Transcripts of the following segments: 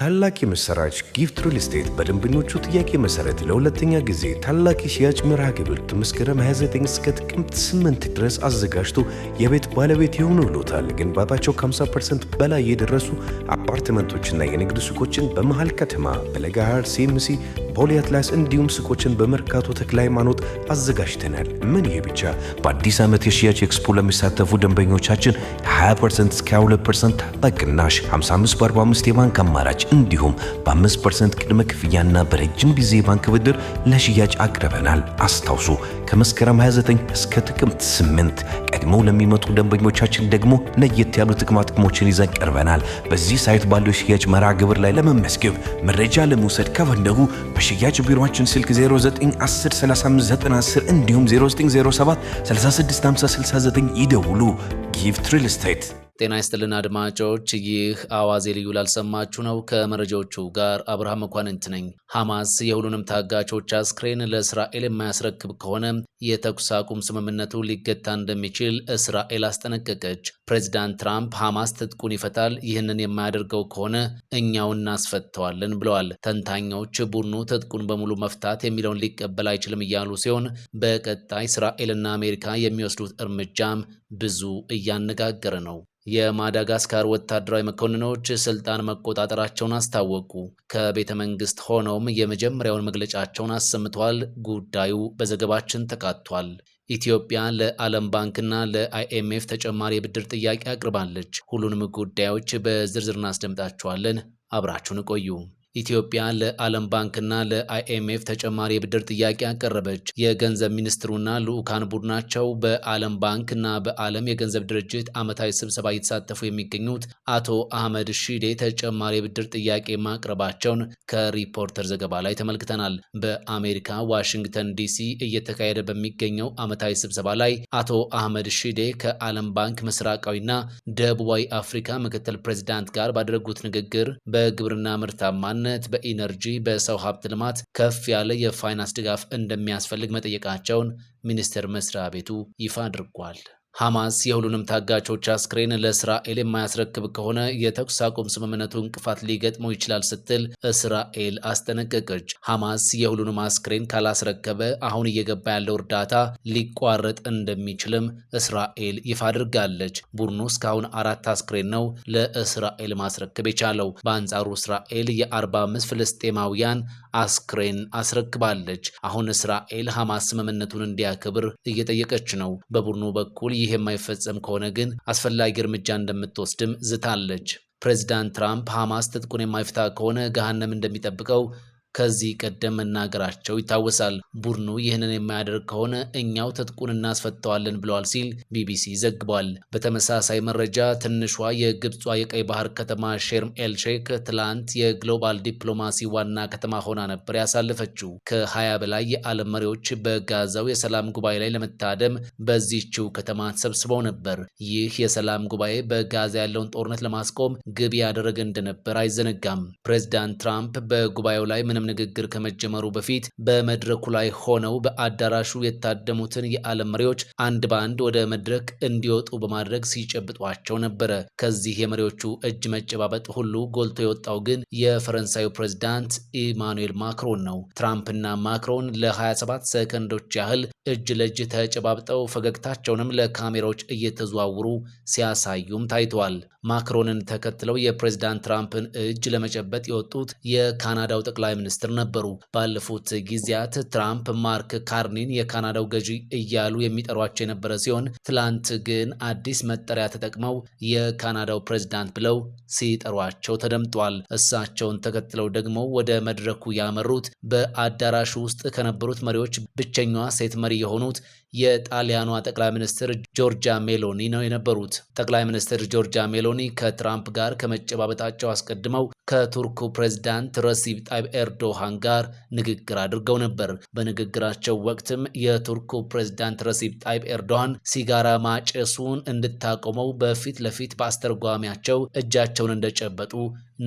ታላቅ የምሥራች! ጊፍት ሪል ስቴት በደንበኞቹ ጥያቄ መሰረት ለሁለተኛ ጊዜ ታላቅ የሽያጭ መርሃ ግብር መስከረም 29 እስከ ጥቅምት 8 ድረስ አዘጋጅቶ የቤት ባለቤት የሆኑ ብሎታል። ግንባታቸው ከ50% በላይ የደረሱ አፓርትመንቶችና የንግድ ሱቆችን በመሃል ከተማ በለጋሃር ሲምሲ በፖሊ አትላስ እንዲሁም ሱቆችን በመርካቶ ተክለ ሃይማኖት አዘጋጅተናል። ምን ይሄ ብቻ! በአዲስ ዓመት የሽያጭ ኤክስፖ ለሚሳተፉ ደንበኞቻችን 20 እስከ 22 ፐርሰንት በቅናሽ 55 በ45 የባንክ አማራጭ እንዲሁም በ5 ቅድመ ክፍያና በረጅም ጊዜ የባንክ ብድር ለሽያጭ አቅርበናል። አስታውሱ ከመስከረም 29 እስከ ጥቅምት 8 ቀድሞ ለሚመጡ ደንበኞቻችን ደግሞ ለየት ያሉ ጥቅማ ጥቅሞችን ይዘን ቀርበናል። በዚህ ሳይት ባለው የሽያጭ መርሃ ግብር ላይ ለመመስገብ መረጃ ለመውሰድ ከፈለጉ በ የሽያጭ ቢሮችን ስልክ 09103510 እንዲሁም 0907365069 ይደውሉ። ጊፍት ሪል ስቴት ጤና ይስጥልን አድማጮች፣ ይህ አዋዜ ልዩ ላልሰማችሁ ነው። ከመረጃዎቹ ጋር አብርሃም መኳንንት ነኝ። ሐማስ የሁሉንም ታጋቾች አስክሬን ለእስራኤል የማያስረክብ ከሆነ የተኩስ አቁም ስምምነቱ ሊገታ እንደሚችል እስራኤል አስጠነቀቀች። ፕሬዚዳንት ትራምፕ ሐማስ ትጥቁን ይፈታል፣ ይህንን የማያደርገው ከሆነ እኛው እናስፈተዋለን ብለዋል። ተንታኞች ቡድኑ ትጥቁን በሙሉ መፍታት የሚለውን ሊቀበል አይችልም እያሉ ሲሆን በቀጣይ እስራኤልና አሜሪካ የሚወስዱት እርምጃም ብዙ እያነጋገረ ነው። የማዳጋስካር ወታደራዊ መኮንኖች ስልጣን መቆጣጠራቸውን አስታወቁ። ከቤተ መንግስት ሆነውም የመጀመሪያውን መግለጫቸውን አሰምተዋል። ጉዳዩ በዘገባችን ተካቷል። ኢትዮጵያ ለዓለም ባንክና ለአይኤምኤፍ ተጨማሪ የብድር ጥያቄ አቅርባለች። ሁሉንም ጉዳዮች በዝርዝር እናስደምጣቸዋለን። አብራችሁን ቆዩ። ኢትዮጵያ ለዓለም ባንክና ለአይኤምኤፍ ተጨማሪ የብድር ጥያቄ አቀረበች። የገንዘብ ሚኒስትሩና ልዑካን ቡድናቸው በዓለም ባንክና በዓለም የገንዘብ ድርጅት ዓመታዊ ስብሰባ እየተሳተፉ የሚገኙት አቶ አህመድ ሺዴ ተጨማሪ የብድር ጥያቄ ማቅረባቸውን ከሪፖርተር ዘገባ ላይ ተመልክተናል። በአሜሪካ ዋሽንግተን ዲሲ እየተካሄደ በሚገኘው ዓመታዊ ስብሰባ ላይ አቶ አህመድ ሺዴ ከዓለም ባንክ ምስራቃዊና ደቡባዊ አፍሪካ ምክትል ፕሬዚዳንት ጋር ባደረጉት ንግግር በግብርና ምርታማ በዋናነት በኢነርጂ በሰው ሀብት ልማት ከፍ ያለ የፋይናንስ ድጋፍ እንደሚያስፈልግ መጠየቃቸውን ሚኒስቴር መስሪያ ቤቱ ይፋ አድርጓል። ሐማስ የሁሉንም ታጋቾች አስክሬን ለእስራኤል የማያስረክብ ከሆነ የተኩስ አቁም ስምምነቱ እንቅፋት ሊገጥመው ይችላል ስትል እስራኤል አስጠነቀቀች። ሐማስ የሁሉንም አስክሬን ካላስረከበ አሁን እየገባ ያለው እርዳታ ሊቋረጥ እንደሚችልም እስራኤል ይፋ አድርጋለች። ቡድኑ እስካሁን አራት አስክሬን ነው ለእስራኤል ማስረከብ የቻለው። በአንጻሩ እስራኤል የ45 ፍልስጤማውያን አስክሬን አስረክባለች። አሁን እስራኤል ሐማስ ስምምነቱን እንዲያከብር እየጠየቀች ነው። በቡድኑ በኩል ይህ የማይፈጸም ከሆነ ግን አስፈላጊ እርምጃ እንደምትወስድም ዝታለች። ፕሬዚዳንት ትራምፕ ሐማስ ትጥቁን የማይፍታ ከሆነ ገሃነም እንደሚጠብቀው ከዚህ ቀደም መናገራቸው ይታወሳል። ቡድኑ ይህንን የማያደርግ ከሆነ እኛው ትጥቁን እናስፈተዋለን ብለዋል ሲል ቢቢሲ ዘግቧል። በተመሳሳይ መረጃ ትንሿ የግብጿ የቀይ ባህር ከተማ ሼርም ኤልሼክ ትላንት የግሎባል ዲፕሎማሲ ዋና ከተማ ሆና ነበር ያሳለፈችው። ከሀያ በላይ የዓለም መሪዎች በጋዛው የሰላም ጉባኤ ላይ ለመታደም በዚችው ከተማ ተሰብስበው ነበር። ይህ የሰላም ጉባኤ በጋዛ ያለውን ጦርነት ለማስቆም ግብ ያደረገ እንደነበር አይዘነጋም። ፕሬዚዳንት ትራምፕ በጉባኤው ላይ ምንም ንግግር ከመጀመሩ በፊት በመድረኩ ላይ ሆነው በአዳራሹ የታደሙትን የዓለም መሪዎች አንድ በአንድ ወደ መድረክ እንዲወጡ በማድረግ ሲጨብጧቸው ነበረ። ከዚህ የመሪዎቹ እጅ መጨባበጥ ሁሉ ጎልቶ የወጣው ግን የፈረንሳዩ ፕሬዝዳንት ኢማኑኤል ማክሮን ነው። ትራምፕና ማክሮን ለ27 ሰከንዶች ያህል እጅ ለእጅ ተጨባብጠው ፈገግታቸውንም ለካሜራዎች እየተዘዋውሩ ሲያሳዩም ታይተዋል። ማክሮንን ተከትለው የፕሬዚዳንት ትራምፕን እጅ ለመጨበጥ የወጡት የካናዳው ጠቅላይ ሚኒስትር ነበሩ። ባለፉት ጊዜያት ትራምፕ ማርክ ካርኒን የካናዳው ገዢ እያሉ የሚጠሯቸው የነበረ ሲሆን ትላንት ግን አዲስ መጠሪያ ተጠቅመው የካናዳው ፕሬዚዳንት ብለው ሲጠሯቸው ተደምጧል። እሳቸውን ተከትለው ደግሞ ወደ መድረኩ ያመሩት በአዳራሹ ውስጥ ከነበሩት መሪዎች ብቸኛዋ ሴት መሪ የሆኑት የጣሊያኗ ጠቅላይ ሚኒስትር ጆርጃ ሜሎኒ ነው የነበሩት። ጠቅላይ ሚኒስትር ጆርጃ ሜሎኒ ሜሎኒ ከትራምፕ ጋር ከመጨባበጣቸው አስቀድመው ከቱርኩ ፕሬዝዳንት ረሲብ ጣይብ ኤርዶሃን ጋር ንግግር አድርገው ነበር። በንግግራቸው ወቅትም የቱርኩ ፕሬዝዳንት ረሲብ ጣይብ ኤርዶሃን ሲጋራ ማጨሱን እንድታቆመው በፊት ለፊት በአስተርጓሚያቸው እጃቸውን እንደጨበጡ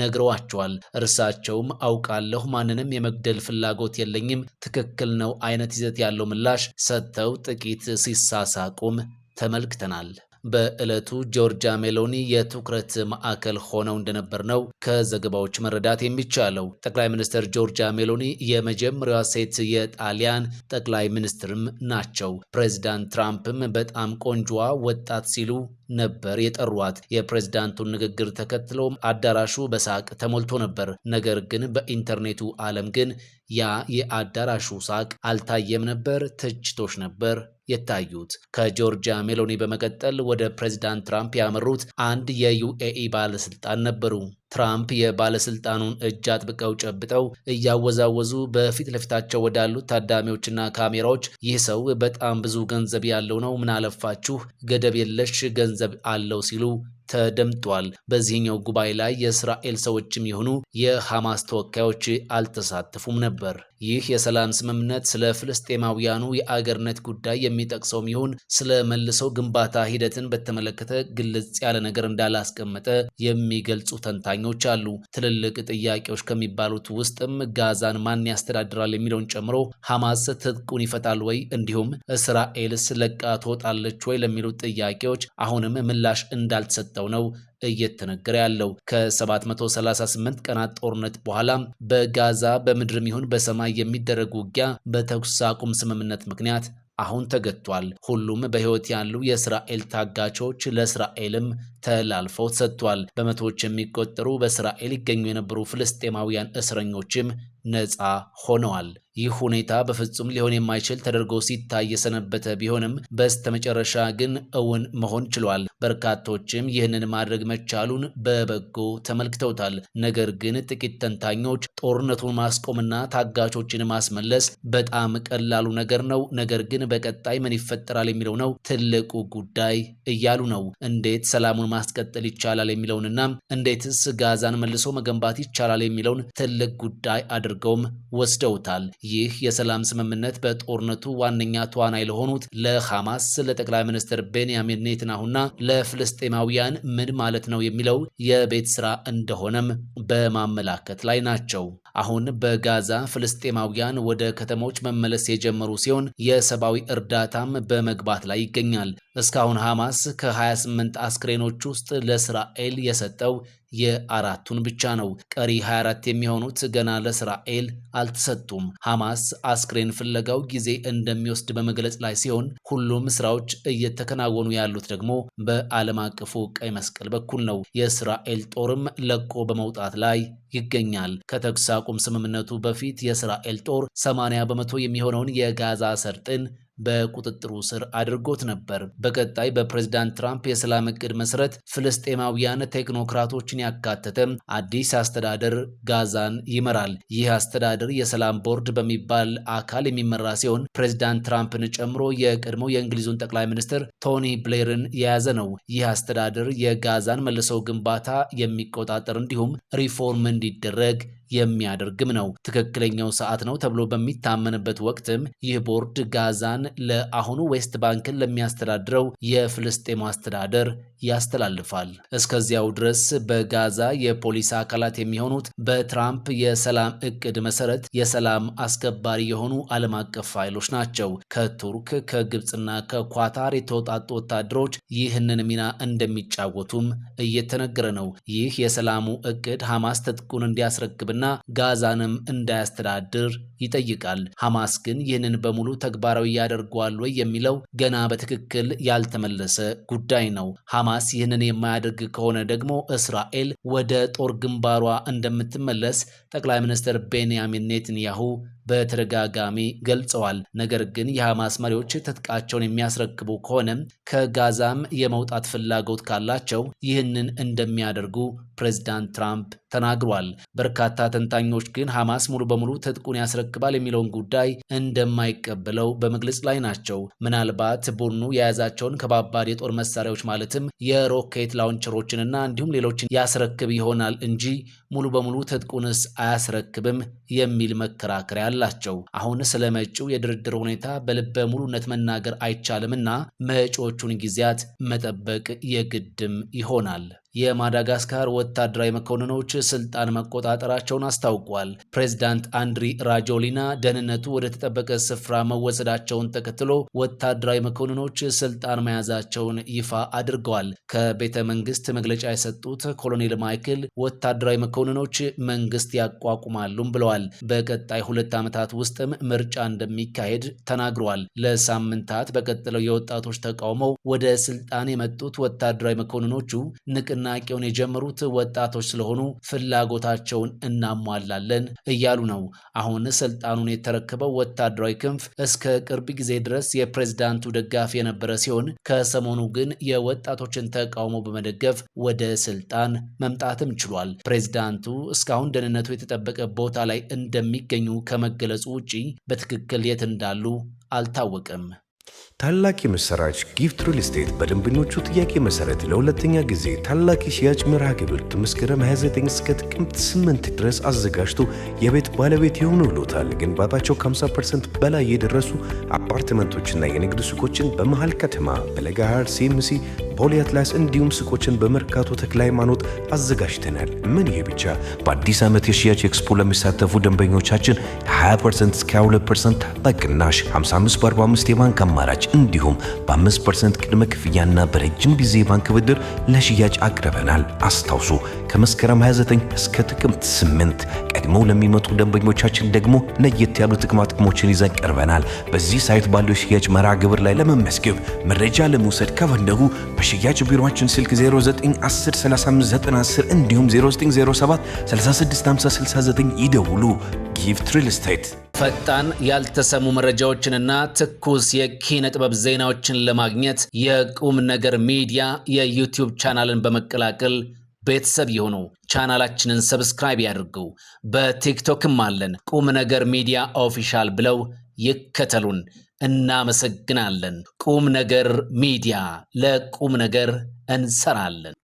ነግረዋቸዋል። እርሳቸውም አውቃለሁ፣ ማንንም የመግደል ፍላጎት የለኝም፣ ትክክል ነው አይነት ይዘት ያለው ምላሽ ሰጥተው ጥቂት ሲሳሳቁም ተመልክተናል። በዕለቱ ጆርጃ ሜሎኒ የትኩረት ማዕከል ሆነው እንደነበር ነው ከዘገባዎች መረዳት የሚቻለው። ጠቅላይ ሚኒስትር ጆርጂያ ሜሎኒ የመጀመሪያዋ ሴት የጣሊያን ጠቅላይ ሚኒስትርም ናቸው። ፕሬዚዳንት ትራምፕም በጣም ቆንጆዋ ወጣት ሲሉ ነበር የጠሯት። የፕሬዝዳንቱን ንግግር ተከትሎ አዳራሹ በሳቅ ተሞልቶ ነበር። ነገር ግን በኢንተርኔቱ ዓለም ግን ያ የአዳራሹ ሳቅ አልታየም ነበር። ትችቶች ነበር የታዩት። ከጆርጂያ ሜሎኒ በመቀጠል ወደ ፕሬዝዳንት ትራምፕ ያመሩት አንድ የዩኤኢ ባለስልጣን ነበሩ። ትራምፕ የባለስልጣኑን እጅ አጥብቀው ጨብጠው እያወዛወዙ በፊት ለፊታቸው ወዳሉት ታዳሚዎችና ካሜራዎች ይህ ሰው በጣም ብዙ ገንዘብ ያለው ነው፣ ምን አለፋችሁ ገደብ የለሽ ገንዘብ አለው ሲሉ ተደምጧል። በዚህኛው ጉባኤ ላይ የእስራኤል ሰዎችም የሆኑ የሐማስ ተወካዮች አልተሳተፉም ነበር። ይህ የሰላም ስምምነት ስለ ፍልስጤማውያኑ የአገርነት ጉዳይ የሚጠቅሰውም ይሁን ስለ መልሰው ግንባታ ሂደትን በተመለከተ ግልጽ ያለ ነገር እንዳላስቀመጠ የሚገልጹ ተንታኞች አሉ። ትልልቅ ጥያቄዎች ከሚባሉት ውስጥም ጋዛን ማን ያስተዳድራል የሚለውን ጨምሮ ሐማስ ትጥቁን ይፈታል ወይ፣ እንዲሁም እስራኤልስ ለቃ ትወጣለች ወይ ለሚሉት ጥያቄዎች አሁንም ምላሽ እንዳልተሰጠ እንደሰጠው ነው እየተነገረ ያለው። ከ738 ቀናት ጦርነት በኋላ በጋዛ በምድርም ይሁን በሰማይ የሚደረግ ውጊያ በተኩስ አቁም ስምምነት ምክንያት አሁን ተገቷል። ሁሉም በህይወት ያሉ የእስራኤል ታጋቾች ለእስራኤልም ተላልፈው ተሰጥቷል። በመቶዎች የሚቆጠሩ በእስራኤል ይገኙ የነበሩ ፍልስጤማውያን እስረኞችም ነፃ ሆነዋል። ይህ ሁኔታ በፍጹም ሊሆን የማይችል ተደርጎ ሲታይ የሰነበተ ቢሆንም በስተመጨረሻ ግን እውን መሆን ችሏል። በርካቶችም ይህንን ማድረግ መቻሉን በበጎ ተመልክተውታል። ነገር ግን ጥቂት ተንታኞች ጦርነቱን ማስቆምና ታጋቾችን ማስመለስ በጣም ቀላሉ ነገር ነው፣ ነገር ግን በቀጣይ ምን ይፈጠራል የሚለው ነው ትልቁ ጉዳይ እያሉ ነው። እንዴት ሰላሙን ማስቀጠል ይቻላል የሚለውንና እንዴትስ ጋዛን መልሶ መገንባት ይቻላል የሚለውን ትልቅ ጉዳይ አድር አድርገውም ወስደውታል። ይህ የሰላም ስምምነት በጦርነቱ ዋነኛ ተዋናይ ለሆኑት ለሐማስ፣ ለጠቅላይ ሚኒስትር ቤንያሚን ኔትናሁና ለፍልስጤማውያን ምን ማለት ነው የሚለው የቤት ስራ እንደሆነም በማመላከት ላይ ናቸው። አሁን በጋዛ ፍልስጤማውያን ወደ ከተሞች መመለስ የጀመሩ ሲሆን የሰብአዊ እርዳታም በመግባት ላይ ይገኛል። እስካሁን ሐማስ ከ28 አስክሬኖች ውስጥ ለእስራኤል የሰጠው የአራቱን ብቻ ነው። ቀሪ 24 የሚሆኑት ገና ለእስራኤል አልተሰጡም። ሐማስ አስክሬን ፍለጋው ጊዜ እንደሚወስድ በመግለጽ ላይ ሲሆን ሁሉም ስራዎች እየተከናወኑ ያሉት ደግሞ በዓለም አቀፉ ቀይ መስቀል በኩል ነው። የእስራኤል ጦርም ለቆ በመውጣት ላይ ይገኛል። ከተኩስ አቁም ስምምነቱ በፊት የእስራኤል ጦር 80 በመቶ የሚሆነውን የጋዛ ሰርጥን በቁጥጥሩ ስር አድርጎት ነበር። በቀጣይ በፕሬዝዳንት ትራምፕ የሰላም እቅድ መሰረት ፍልስጤማውያን ቴክኖክራቶችን ያካተተ አዲስ አስተዳደር ጋዛን ይመራል። ይህ አስተዳደር የሰላም ቦርድ በሚባል አካል የሚመራ ሲሆን ፕሬዝዳንት ትራምፕን ጨምሮ የቀድሞው የእንግሊዙን ጠቅላይ ሚኒስትር ቶኒ ብሌርን የያዘ ነው። ይህ አስተዳደር የጋዛን መልሰው ግንባታ የሚቆጣጠር እንዲሁም ሪፎርም እንዲደረግ የሚያደርግም ነው። ትክክለኛው ሰዓት ነው ተብሎ በሚታመንበት ወቅትም ይህ ቦርድ ጋዛን ለአሁኑ ዌስት ባንክን ለሚያስተዳድረው የፍልስጤም አስተዳደር ያስተላልፋል። እስከዚያው ድረስ በጋዛ የፖሊስ አካላት የሚሆኑት በትራምፕ የሰላም እቅድ መሰረት የሰላም አስከባሪ የሆኑ ዓለም አቀፍ ኃይሎች ናቸው። ከቱርክ ከግብፅና ከኳታር የተወጣጡ ወታደሮች ይህንን ሚና እንደሚጫወቱም እየተነገረ ነው። ይህ የሰላሙ እቅድ ሐማስ ትጥቁን እንዲያስረክብና እና ጋዛንም እንዳያስተዳድር ይጠይቃል። ሐማስ ግን ይህንን በሙሉ ተግባራዊ ያደርገዋል ወይ የሚለው ገና በትክክል ያልተመለሰ ጉዳይ ነው። ሐማስ ይህንን የማያደርግ ከሆነ ደግሞ እስራኤል ወደ ጦር ግንባሯ እንደምትመለስ ጠቅላይ ሚኒስትር ቤንያሚን ኔትንያሁ በተደጋጋሚ ገልጸዋል። ነገር ግን የሐማስ መሪዎች ትጥቃቸውን የሚያስረክቡ ከሆነም ከጋዛም የመውጣት ፍላጎት ካላቸው ይህንን እንደሚያደርጉ ፕሬዚዳንት ትራምፕ ተናግሯል። በርካታ ተንታኞች ግን ሐማስ ሙሉ በሙሉ ትጥቁን ያስረክባል የሚለውን ጉዳይ እንደማይቀበለው በመግለጽ ላይ ናቸው። ምናልባት ቡድኑ የያዛቸውን ከባባድ የጦር መሳሪያዎች ማለትም የሮኬት ላውንቸሮችንና እንዲሁም ሌሎችን ያስረክብ ይሆናል እንጂ ሙሉ በሙሉ ትጥቁንስ አያስረክብም የሚል መከራከሪያ አላቸው። አሁን ስለ መጪው የድርድር ሁኔታ በልበ ሙሉነት መናገር አይቻልምና መጪዎቹን ጊዜያት መጠበቅ የግድም ይሆናል። የማዳጋስካር ወታደራዊ መኮንኖች ስልጣን መቆጣጠራቸውን አስታውቋል። ፕሬዚዳንት አንድሪ ራጆሊና ደህንነቱ ወደ ተጠበቀ ስፍራ መወሰዳቸውን ተከትሎ ወታደራዊ መኮንኖች ስልጣን መያዛቸውን ይፋ አድርገዋል። ከቤተ መንግስት መግለጫ የሰጡት ኮሎኔል ማይክል ወታደራዊ መኮንኖች መንግስት ያቋቁማሉም ብለዋል። በቀጣይ ሁለት ዓመታት ውስጥም ምርጫ እንደሚካሄድ ተናግረዋል። ለሳምንታት በቀጠለው የወጣቶች ተቃውሞ ወደ ስልጣን የመጡት ወታደራዊ መኮንኖቹ ንቅ ንቅናቄውን የጀመሩት ወጣቶች ስለሆኑ ፍላጎታቸውን እናሟላለን እያሉ ነው። አሁን ስልጣኑን የተረከበው ወታደራዊ ክንፍ እስከ ቅርብ ጊዜ ድረስ የፕሬዝዳንቱ ደጋፊ የነበረ ሲሆን ከሰሞኑ ግን የወጣቶችን ተቃውሞ በመደገፍ ወደ ስልጣን መምጣትም ችሏል። ፕሬዝዳንቱ እስካሁን ደህንነቱ የተጠበቀ ቦታ ላይ እንደሚገኙ ከመገለጹ ውጪ በትክክል የት እንዳሉ አልታወቅም? ታላቅ የምሥራች! ጊፍት ሪል ስቴት በደንበኞቹ ጥያቄ መሰረት ለሁለተኛ ጊዜ ታላቅ የሽያጭ መርሃ ግብር መስከረም 29 እስከ ጥቅምት 8 ድረስ አዘጋጅቶ የቤት ባለቤት የሆኑ ብሎታል። ግንባታቸው ከ50% በላይ የደረሱ አፓርትመንቶችና የንግድ ሱቆችን በመሃል ከተማ በለጋሃር ሲምሲ በፖሊ አትላስ እንዲሁም ሱቆችን በመርካቶ ተክለ ሃይማኖት አዘጋጅተናል። ምን ይሄ ብቻ! በአዲስ ዓመት የሽያጭ ኤክስፖ ለሚሳተፉ ደንበኞቻችን 20 እስከ 22 ፐርሰንት በቅናሽ 55 በ45 የባንክ አማራጭ እንዲሁም በ5 ቅድመ ክፍያና በረጅም ጊዜ የባንክ ብድር ለሽያጭ አቅርበናል። አስታውሱ ከመስከረም 29 እስከ ጥቅምት 8 ቀድሞ ለሚመጡ ደንበኞቻችን ደግሞ ለየት ያሉ ጥቅማ ጥቅሞችን ይዘን ቀርበናል። በዚህ ሳይት ባለው የሽያጭ መርሃ ግብር ላይ ለመመስገብ መረጃ ለመውሰድ ከፈለጉ የሽያጭ ቢሮችን ስልክ 09103510 እንዲሁም 0907365069 ይደውሉ። ጊፍት ሪል ስቴት ፈጣን ያልተሰሙ መረጃዎችንና ትኩስ የኪነ ጥበብ ዜናዎችን ለማግኘት የቁም ነገር ሚዲያ የዩቲዩብ ቻናልን በመቀላቀል ቤተሰብ የሆኑ ቻናላችንን ሰብስክራይብ ያድርጉ። በቲክቶክም አለን። ቁም ነገር ሚዲያ ኦፊሻል ብለው ይከተሉን። እናመሰግናለን። ቁም ነገር ሚዲያ ለቁም ነገር እንሰራለን።